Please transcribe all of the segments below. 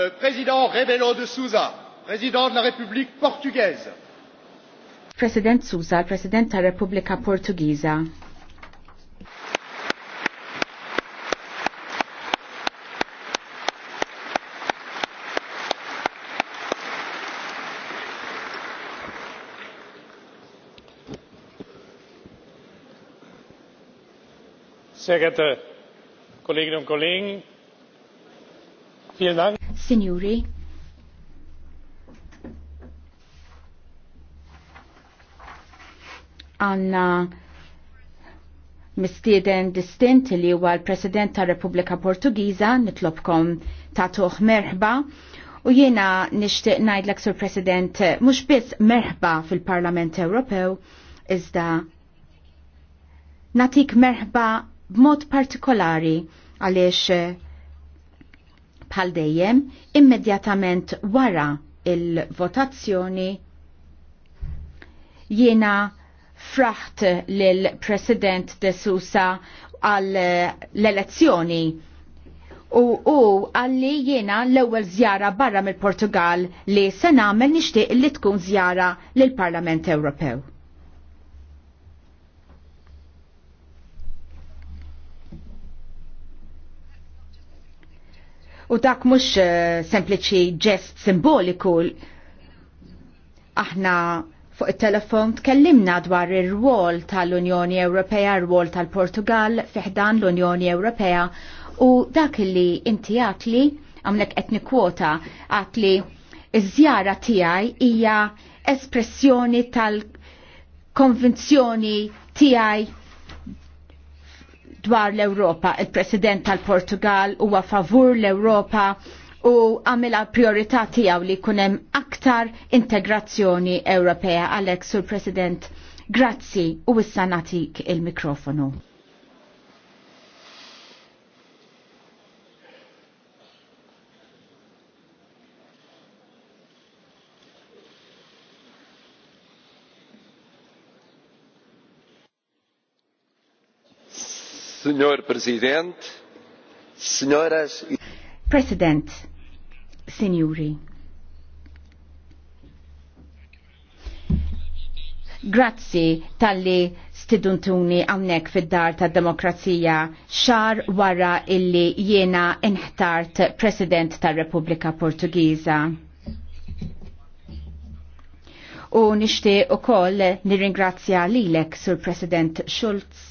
Euh, president Rebelo de Souza, President de la République portugaise. President Souza, President de la République Portugaise. Sehr geehrte Kolleginnen und Kollegen, vielen Dank. Signori, għanna mistieden distint li huwa l-President ta' Repubblika Portugiża nitlobkom tagħtuh merħba u jiena nixtieq ngħidlek sur President mhux biss merħba fil-Parlament Ewropew iżda natik merħba b'mod partikolari għaliex bħal dejjem immedjatament wara il-votazzjoni jiena fraħt lil President De Sousa għal l-elezzjoni u u għalli jiena l-ewwel żjara barra mill-Portugal li se nagħmel nixtieq li tkun żjara lill-Parlament Ewropew. U dak mhux eh, sempliċi ġest simboliku. Aħna fuq it-telefon tkellimna dwar ir-rwol tal-Unjoni Ewropea, r-rwol tal-Portugal fiħdan l-Unjoni Ewropea u dak li inti għatli għamlek etni kwota għatli iż-żjara tiegħi hija espressjoni tal konvinzjoni tiegħi dwar l-Europa. Il-President tal-Portugal huwa favur l-Europa u għamela priorità tiegħu li kunem aktar integrazzjoni Ewropea. Alex, sur President, grazzi u issa natik il-mikrofonu. Signor President, signoras... E President, signori. Grazzi tal-li stiduntuni għawnek fid-dar ta' demokrazija xar wara illi jiena inħtart President ta' Repubblika Portugiza. U nishti u koll nirringrazzja lilek sur President Schulz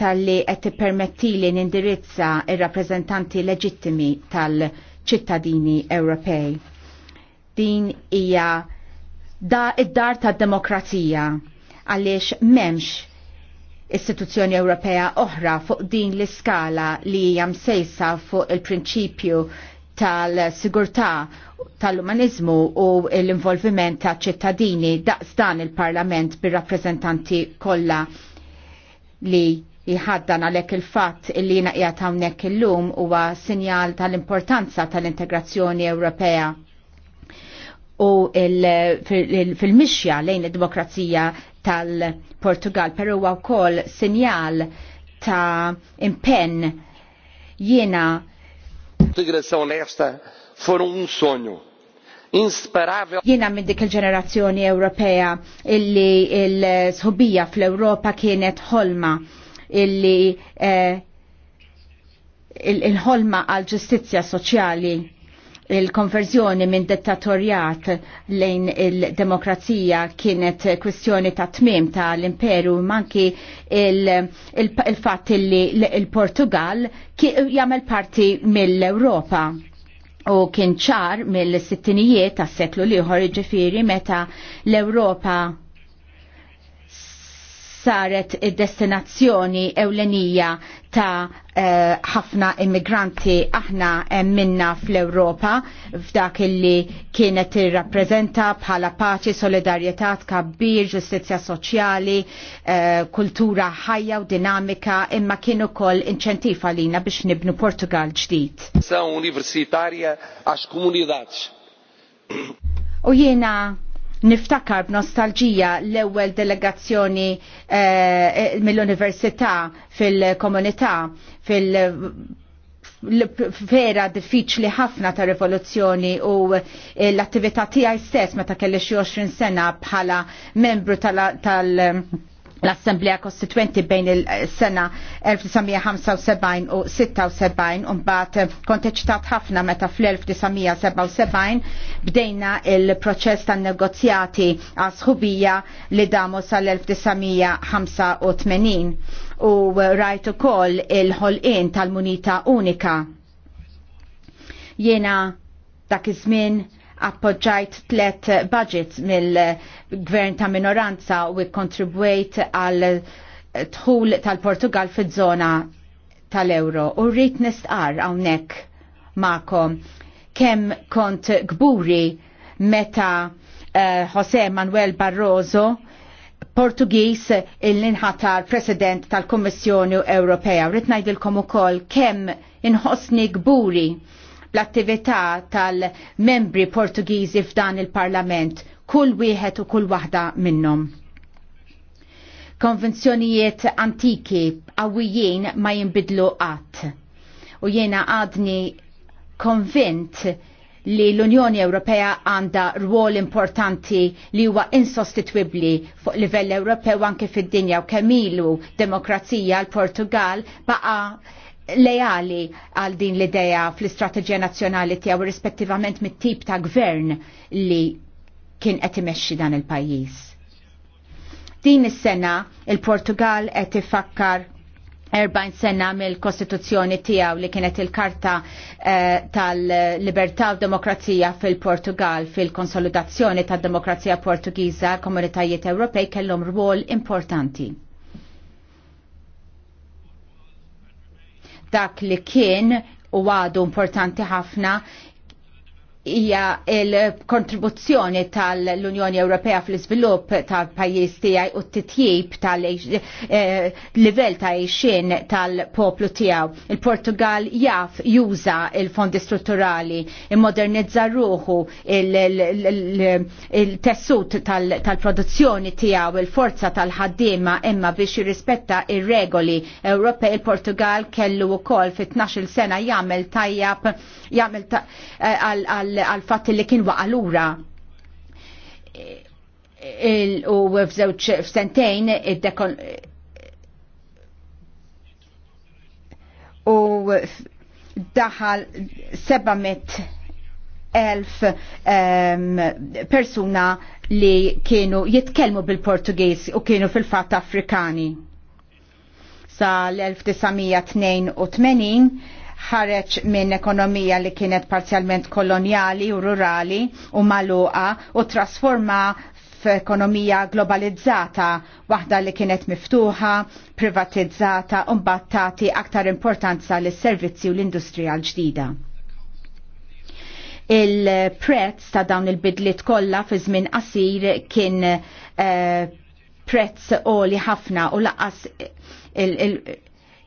tal-li permetti li nindirizza il rappreżentanti leġittimi tal-ċittadini Ewropej. Din hija da id-dar tad-demokrazija għaliex memx istituzzjoni Ewropea oħra fuq din l-iskala li hija msejsa fuq il-prinċipju tal-sigurtà tal-umanizmu u l-involviment ta' ċittadini daqs dan il-Parlament bir rappreżentanti kollha li jħaddan għalek il-fat li jina qiegħed hawnhekk illum huwa sinjal tal-importanza tal-integrazzjoni Ewropea u fil-mixja lejn id-demokrazija tal-Portugal, però huwa wkoll sinjal ta' impenn jiena Integrazzjoni esta foru un sogno Jiena minn dik il-ġenerazzjoni Ewropea illi l-sħubija fl-Ewropa kienet ħolma illi eh, il-ħolma għal ġustizja soċjali il-konverżjoni minn dittatorjat lejn il-demokrazija kienet kwestjoni ta' tmim ta' l-imperu manki il-fat il, il li il-Portugal jagħmel parti mill-Ewropa u kien ċar mill-sittinijiet tas-seklu liħor ġifiri meta l-Ewropa saret id-destinazzjoni ewlenija ta' eh, ħafna uh, immigranti aħna minna fl-Europa f'dak illi kienet irrappreżenta bħala paċi, solidarjetà, kabbir, ġustizzja soċjali, uh, kultura ħajja u dinamika imma kienu kol inċentif għalina biex nibnu Portugal ġdid. Sa universitarja għax komunidad. U jiena niftakar b'nostalġija l-ewwel delegazzjoni eh, mill-università fil-komunità fil vera diffiċli ħafna ta' rivoluzzjoni u eh, l-attività tiegħi stess meta kellix 20 sena bħala membru tal-, tal l-Assemblea Kostituenti bejn il-sena 1975 u 76 unbat konteċtat ħafna meta fl-1977 bdejna il-proċess tan negozjati għasħubija li damu sal-1985 u rajt ukoll il-ħolqien tal-Munita Unika. Jena dak iż-żmien appoġġajt tlet budgets mill-gvern ta' minoranza u kontribwejt għal tħul tal-Portugal fil-żona tal-euro u rrit nistqar hawnhekk ma'kom kemm kont gburi meta uh, eh, Jose Manuel Barroso Portugis il-inħatar president tal-Kommissjoni Ewropea. Rrit najdilkom u koll kem inħosni gburi bl-attività tal-membri Portugiżi f'dan il-Parlament, kull wieħed u kull waħda minnhom. Konvenzjonijiet antiki qawwijin ma jinbidlu qatt. U jiena għadni konvint li l-Unjoni Ewropea għanda rwol importanti li huwa insostitwibli fuq livell Ewropew anke fid-dinja u kemilu demokrazija l-Portugal baqa lejali għal din l-ideja fl-istrateġija nazzjonali tiegħu rispettivament mit-tip ta' gvern li kien qed imexxi dan il-pajjiż. Din is-sena il-Portugal qed ifakkar 40 sena mill-Kostituzzjoni tiegħu li kienet il-Karta eh, tal-Libertà u Demokrazija fil-Portugal fil-konsolidazzjoni tad-Demokrazija Portugiża, komunitajiet Ewropej kellhom rwol importanti. dak li kien u għadu importanti ħafna hija l-kontribuzzjoni tal-Unjoni Ewropea fl-iżvilupp tal-pajjiż tiegħi u t-titjib tal-livell eh, ta' ixin tal-poplu tiegħu. Il-Portugal jaf juża il-fondi strutturali, immodernizza ruħu il-tessut tal-produzzjoni tiegħu, il-forza tal-ħaddiema imma biex jirrispetta ir-regoli Ewropej il-Portugal kellu wkoll fit-12 sena jagħmel tajjab jagħmel eh, għal għal fatt li kien waqalura u f'żewġ f'sentejn id-dekon u daħal 700 elf um, persuna li kienu jitkelmu bil-Portugiż u kienu fil-fat Afrikani. Sa l-1982 ħareġ minn ekonomija li kienet parzjalment koloniali u rurali u maluqa u trasforma f'ekonomija globalizzata, waħda li kienet miftuħa, privatizzata u mbattati aktar importanza l servizzi u l-industrija l-ġdida. Il-prezz ta' dawn il-bidlit kollha fi żmien qasir kien eh, prezz oli ħafna u laqas il-, il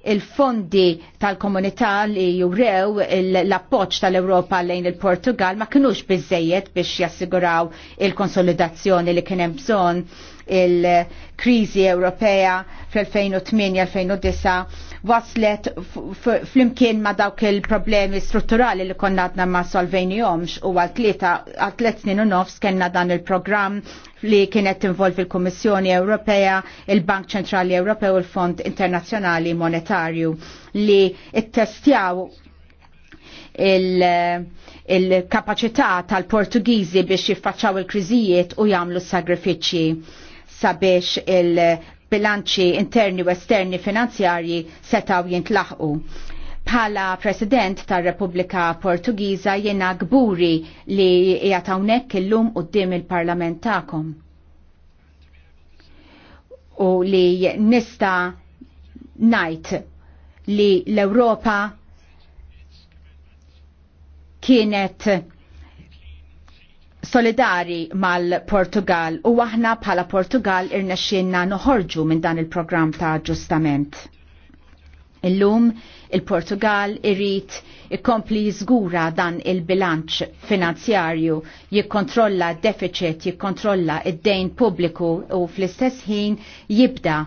il-fondi tal-komunità li jurew l-appoċ tal-Europa lejn il-Portugal ma kienux bizzejiet biex jassiguraw il-konsolidazzjoni li kienem bżon il-krizi Ewropea fl-2008-2009 waslet fl-imkien ma dawk il-problemi strutturali li konnadna ma solvenjomx u għal tlieta għal-tlet snin u nofs kena dan il-programm li kienet involvi l-Kommissjoni Ewropea, il-Bank Ċentrali Ewropew u l-Fond Internazzjonali Monetarju li it-testjaw il- il-kapacità tal-Portugiżi biex jiffaċċaw il-kriżijiet u jagħmlu sagrifiċċji sabiex il-bilanċi interni u esterni finanzjarji setaw jintlaħqu. Bħala President tar repubblika Portugiża jiena gburi li qiegħed hawnhekk illum quddiem il-Parlament tagħkom. U li nista' ngħid li l-Ewropa kienet solidari mal-Portugal u aħna bħala Portugal irnexxinna noħorġu minn dan il-programm ta' ġustament. Illum il-Portugal irrit ikkompli jżgura dan il-bilanċ finanzjarju, jikkontrolla deficit, jikkontrolla id-dejn pubbliku u fl-istess ħin jibda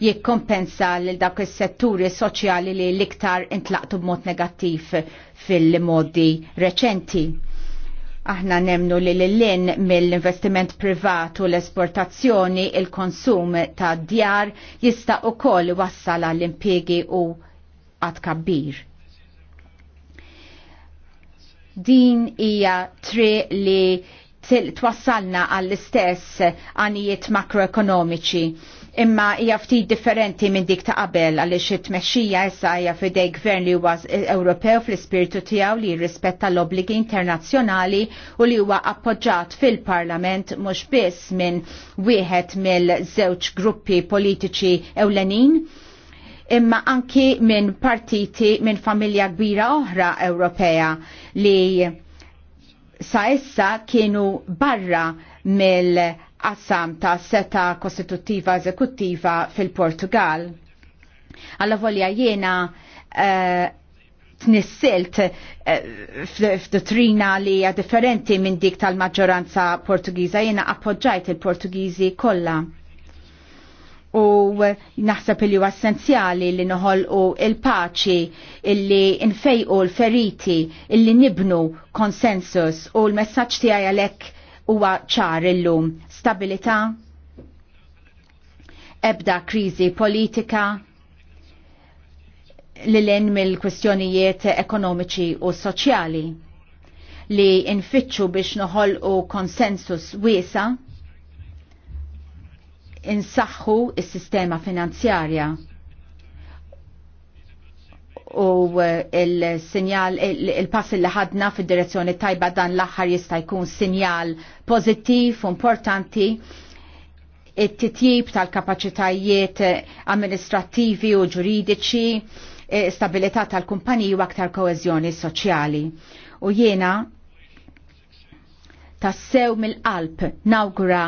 jikkompensa lil dak is-setturi soċjali li l-iktar intlaqtu b'mod negattiv fil-modi reċenti Aħna nemnu li l-lin mill-investiment privatu l-esportazzjoni il-konsum ta' djar jista' u koll wassal għall-impiegi u għad kabbir. Din hija tri li twassalna għall-istess għanijiet makroekonomiċi imma hija ftit differenti minn dik ta' qabel għaliex it-tmexxija issa hija fidej gvern li huwa Ewropew fl-ispirtu tiegħu li jirrispetta l-obbligi internazzjonali u li huwa appoġġat fil-Parlament mhux biss minn wieħed mill-żewġ gruppi politiċi ewlenin imma anki minn partiti minn familja kbira oħra Ewropea li sa issa kienu barra mill qassam ta' seta kostituttiva eżekuttiva fil-Portugal. Alla volja jena eh, t-nissilt tnissilt eh, f'dottrina li hija differenti minn dik tal-maġġoranza Portugiża jiena appoġġajt il-Portugiżi kollha. U naħseb li huwa essenzjali li noħolqu il-paċi, illi nfejqu l-feriti, illi nibnu konsensus u l-messaġġ tiegħi għalhekk huwa ċar illum stabilità, ebda kriżi politika, li l in mill-kwestjonijiet ekonomiċi u soċjali li infittxu biex noħol u konsensus wiesa insaħħu is-sistema finanzjarja u eh, il-sinjal, il-pass il li ħadna fid direzzjoni tajba dan l-aħħar jista' jkun sinjal pozittiv, importanti, it-titjib tal-kapacitajiet eh, amministrativi u ġuridiċi, eh, stabilità tal-kumpaniji u aktar koezjoni soċjali. U jiena tassew mill-qalb nawgura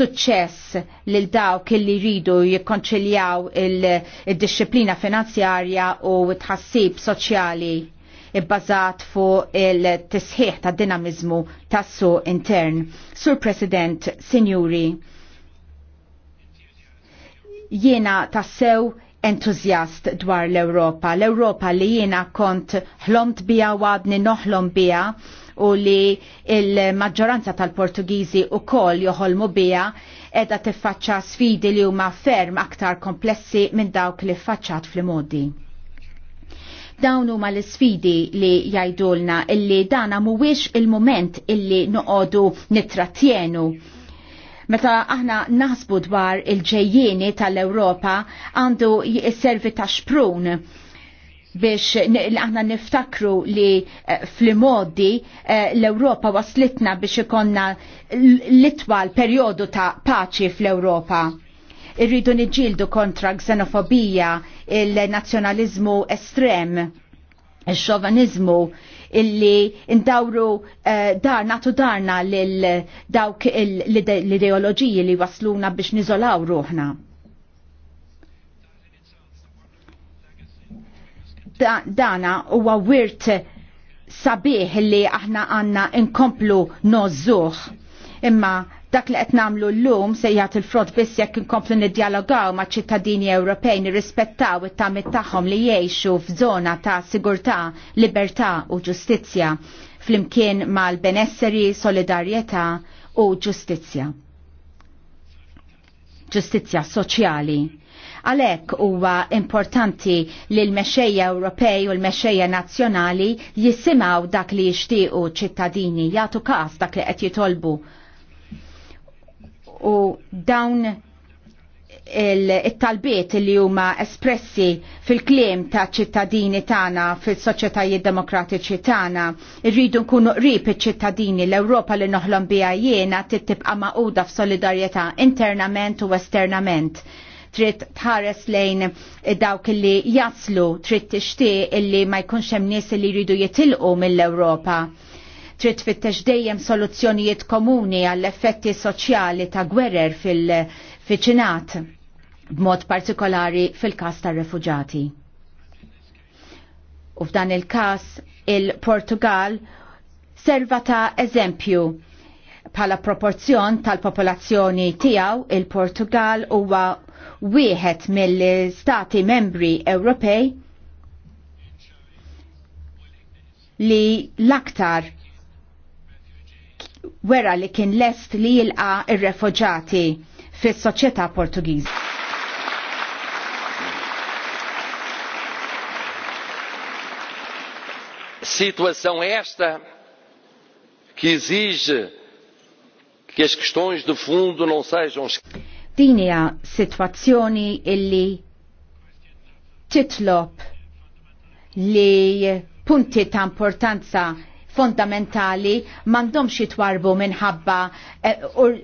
suċċess lil dawk li jridu jikkonċiljaw il-disciplina finanzjarja u tħassib soċjali ibbażat fuq il-tisħiħ ta' dinamizmu tassu intern. Sur President, Sinjuri, jiena tassew entuzjast dwar l-Europa. L-Europa li jiena kont ħlomt bija u noħlom bija u li il-maġġoranza tal-Portugiżi u koll joħolmu bija edha tiffaċċa sfidi li huma ferm aktar komplessi minn dawk li faċċat fl-modi. Dawn huma l-sfidi li jgħidulna illi dana mhuwiex il-moment illi noqogħdu nitratjenu. Meta aħna naħsbu dwar il-ġejjieni tal-Ewropa għandu jisservi ta' xprun biex aħna niftakru li eh, fl-modi eh, l-Europa waslitna biex ikonna l-itwal periodu ta' paċi fl-Europa. Irridu niġildu kontra xenofobija, il-nazjonalizmu estrem, il-xovanizmu, illi indawru eh, dar natu darna l-ideologiji li wasluna biex nizolaw ruħna. dana huwa wirt sabiħ li aħna għanna inkomplu nożuħ. Imma dak li qed nagħmlu llum se jagħti il-frott biss jekk inkomplu niddialogaw ma' ċittadini Ewropej nirrispettaw it-tamit tagħhom li jgħixu f'żona ta' sigurtà, libertà u ġustizzja flimkien mal-benesseri, solidarjetà u ġustizzja. Ġustizzja soċjali Għalhekk huwa importanti li l-mexxejja Ewropej u l-mexxejja nazzjonali jisimgħu dak li jixtiequ ċittadini jagħtu każ dak li qed jitolbu. U dawn il-talbiet li huma espressi fil-kliem ta' ċittadini tagħna fil-soċjetajiet demokratiċi tagħna irridu nkunu qrib iċ-ċittadini l-Ewropa li noħlom biha jiena tittibqa' maquda f'solidarjetà internament u esternament trid tħares lejn dawk li jaslu, trid tixtieq illi ma jkunx hemm nies li jridu jitilqu mill-Ewropa trid fittex dejjem soluzzjonijiet komuni għall-effetti soċjali ta' gwerer fil-fiċinat, b'mod partikolari fil-kas tar refuġati. U f'dan il-kas il-Portugal serva ta' eżempju pala proporzjon tal-popolazzjoni tijaw il-Portugal huwa wieħed mill-stati membri Ewropej li l-aktar wera li kien lest li jilqa ir-refuġati fis-soċjetà Portugiż. Situação esta que exige que as questões de fundo não sejam Din hija sitwazzjoni illi titlob li punti ta' importanza fondamentali mandomx jitwarbu minħabba eh, ur,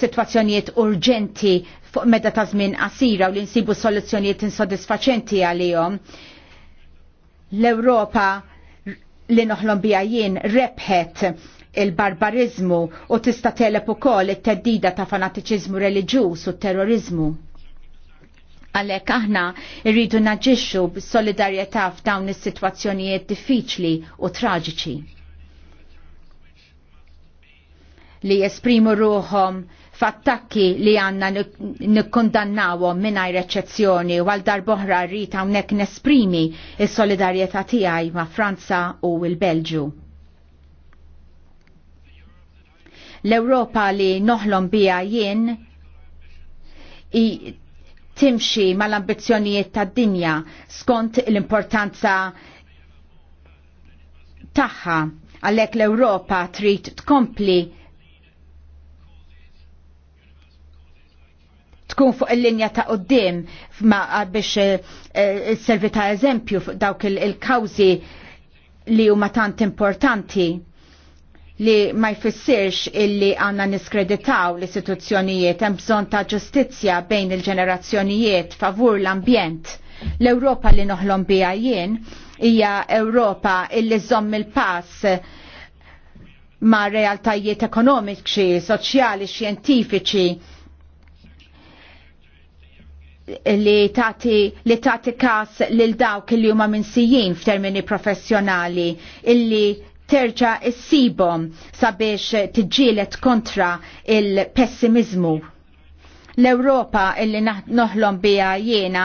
situazzjonijiet urġenti meta ta' żmien qasira u li nsibu soluzzjonijiet insodisfaċenti għalihom. L-Ewropa li noħlom bija jien rebħet il-barbarizmu u tista' telep ukoll it-teddida ta' fanatiċiżmu reliġjuż u terrorizmu. Għalhekk aħna rridu naġixxu b'solidarjetà f'dawn is-sitwazzjonijiet diffiċli u traġiċi li jesprimu ruhom f'attakki li għanna nikkondannawhom mingħajr eċċezzjoni u għal boħra rrid hawnhekk nesprimi s-solidarjetà tiegħi ma' Franza u l-Belġu. L-Ewropa li noħlom bija jien timxi mal-ambizzjonijiet tad-dinja skont l-importanza tagħha għalhekk l-Ewropa trid tkompli tkun fuq il-linja ta' qoddim biex eh, eh, servi ta' eżempju fuq dawk il-kawzi li huma tant importanti li ma jfissirx illi għanna niskreditaw l-istituzzjonijiet hemm bżonn ta' ġustizzja bejn il-ġenerazzjonijiet favur l-ambjent. L-Ewropa li noħlom biha jien hija Ewropa illi żomm il-pass ma' realtajiet ekonomiċi, soċjali, xjentifiċi li tati, li tati kas lil dawk li huma minsijin f'termini professjonali illi terġa sibom sabiex tiġġielet kontra il-pessimizmu. L-Ewropa illi noħlom bija jiena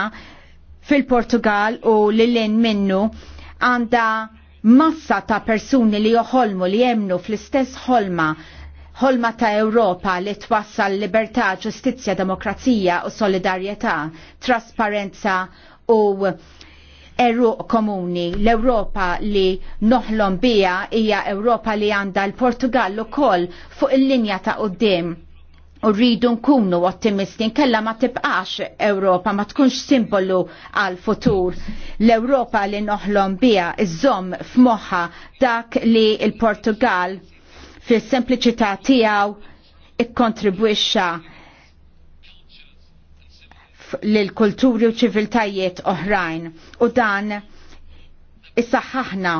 fil-Portugal u l-lin minnu għanda massa ta' persuni li joħolmu li jemnu fl-istess ħolma ħolma ta' Ewropa li twassal libertà, ġustizzja, demokrazija u solidarjetà, trasparenza u eru komuni. L-Europa li noħlom bija hija Europa li għanda l-Portugallu kol fuq il-linja ta' qoddim u rridu nkunu ottimisti nkella ma tibqax Ewropa ma tkunx simbolu għal futur l-Ewropa li noħlom bija iżomm f'moħħa dak li l-Portugal fis sempliċità tiegħu ikkontribwixxa l-kulturi u ċiviltajiet oħrajn. U dan issaħħaħna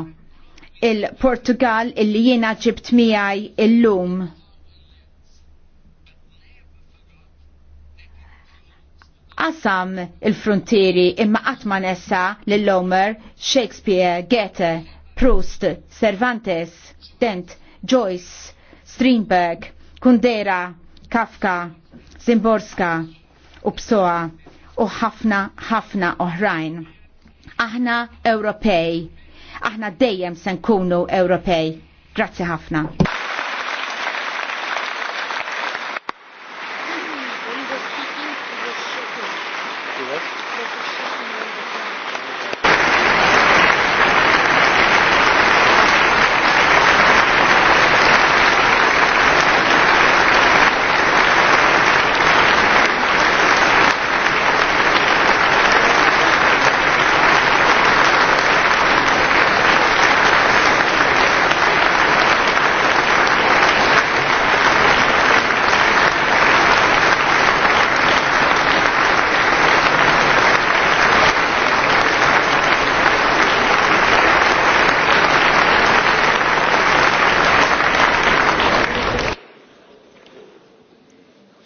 il-Portugal illi jiena ġibt miegħi illum. Qasam il-frontieri imma qatt ma nessa lill-Omer, Shakespeare, Goethe, Proust, Cervantes, Dent, Joyce, Strindberg, Kundera, Kafka, Zimborska, u PSOA u ħafna ħafna oħrajn. Aħna Ewropej, aħna dejjem se nkunu Ewropej. Grazzi ħafna.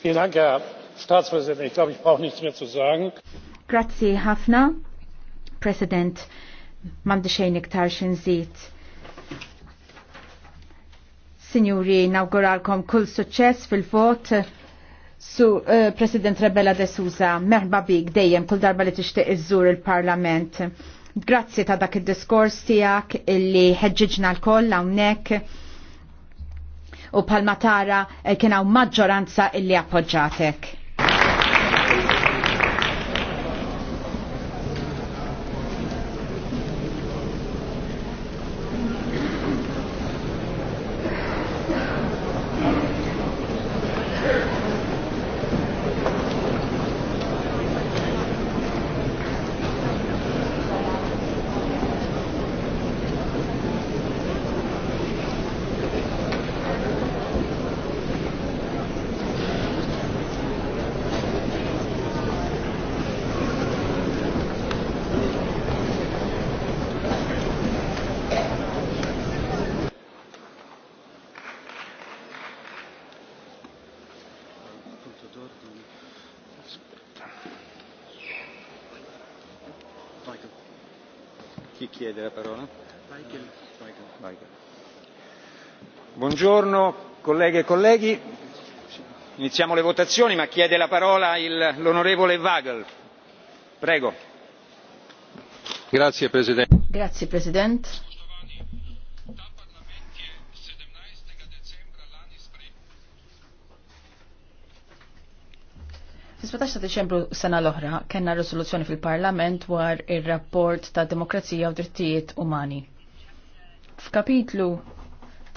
Vielen Dank, Herr Staatspräsident. Ich glaube, ich brauche nichts mehr zu sagen. Grazzi ħafna, President. Mandi xejn iktar xinżit. Signori, nawguralkom kull suċċess fil-vot su uh, President Rebella de Souza. Merba bik dejjem kull darba li tixtieq iżżur il-Parlament. Grazzi ta' dak id-diskors tiegħek illi ħeġġiġna l-koll hawnhekk u Palmatara kienaw eh, kien hawn maġġoranza illi appoġġatek. chiede la parola. Michael. Michael. Buongiorno colleghe e colleghi. Iniziamo le votazioni, ma chiede la parola l'onorevole Wagel. Prego. Grazie Presidente. Grazie Presidente. Fis-17 ta' Deċembru sena l-oħra kellna risoluzzjoni fil-Parlament dwar ir-rapport ta' demokrazija u drittijiet umani. F'kapitlu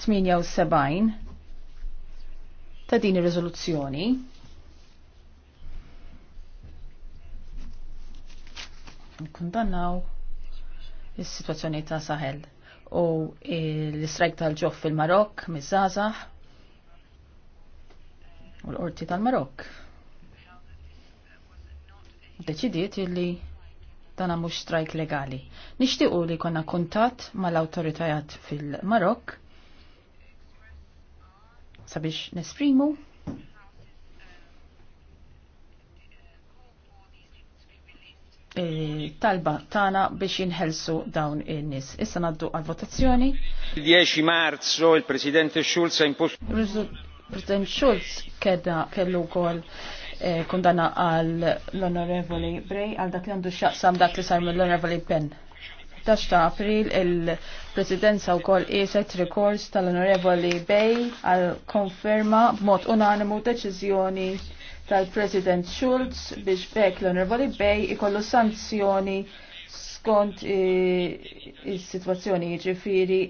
78 ta' din ir-riżoluzzjoni nkundannaw is-sitwazzjoni ta' Sahel u l-istrajk tal-ġof fil-Marok, miż-żazax u l-qorti tal-Marok deċidiet illi dana mux strajk legali. Nishtiqu li konna kuntatt mal autoritajat fil marok sabiex nesprimu e, talba tana biex inħelsu dawn il-nis. Issa naddu għal votazzjoni. il 10 marzo il-Presidente Schulz ha imposto President Schulz keda kellu kol Eh, Kundana għal l-Onorevoli Bray, għal dak li għandu xaqsam dak li sar l onorevoli Penn. Tax ta' april il-presidenza u kol iset rekords tal-Onorevoli Bay għal konferma b'mod unanimu deċizjoni tal-President Schulz biex bekk l-Onorevoli Bay ikollu sanzjoni skont eh, is-sitwazzjoni ġifiri